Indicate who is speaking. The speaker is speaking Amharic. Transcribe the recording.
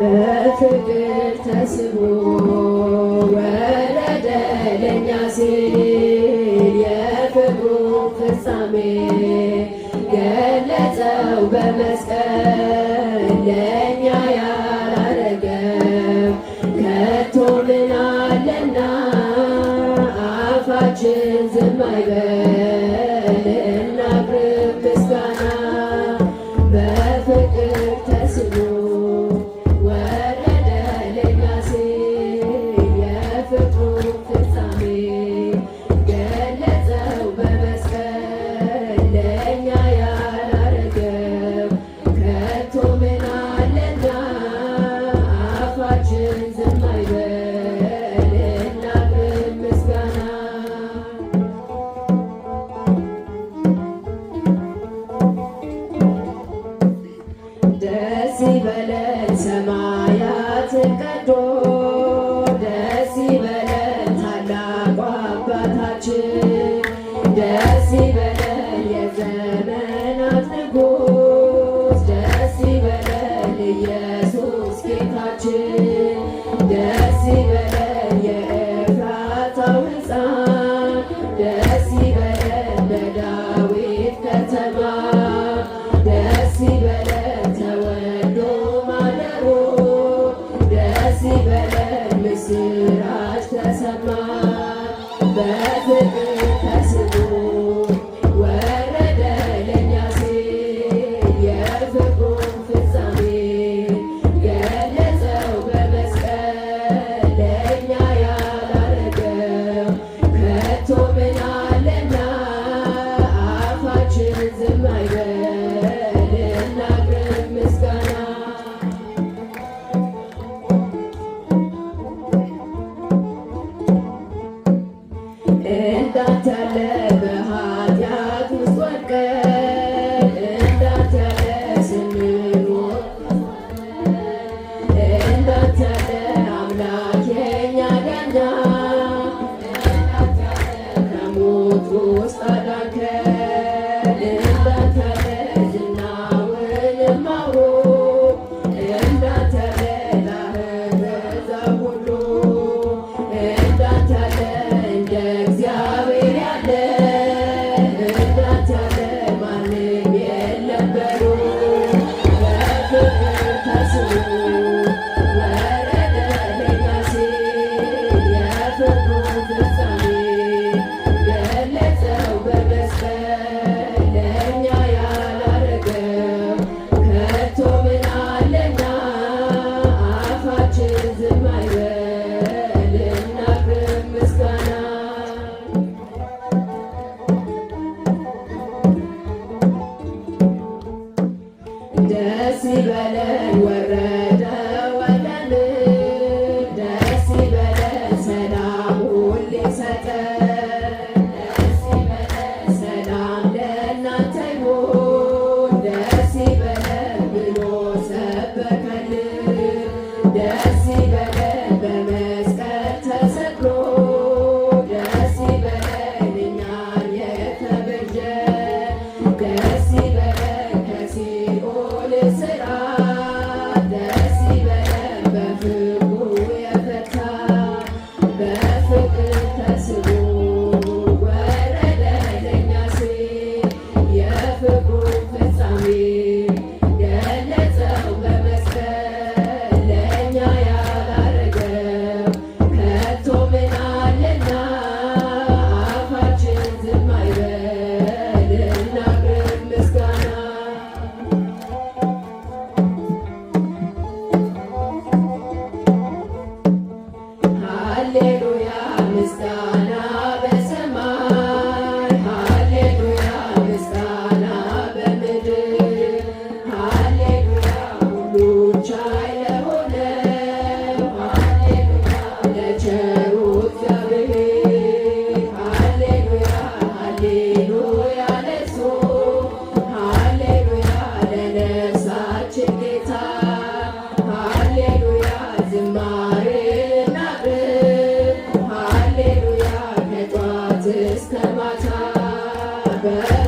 Speaker 1: በፍቅር ተስቦ ወረደ ለእኛ ሲል የፍቅሩ ፍጻሜ ገለጸው በመስቀል ለእኛ ያላረገም ከቶ ምናለና አፋችን ዝም አይበል That's it. 그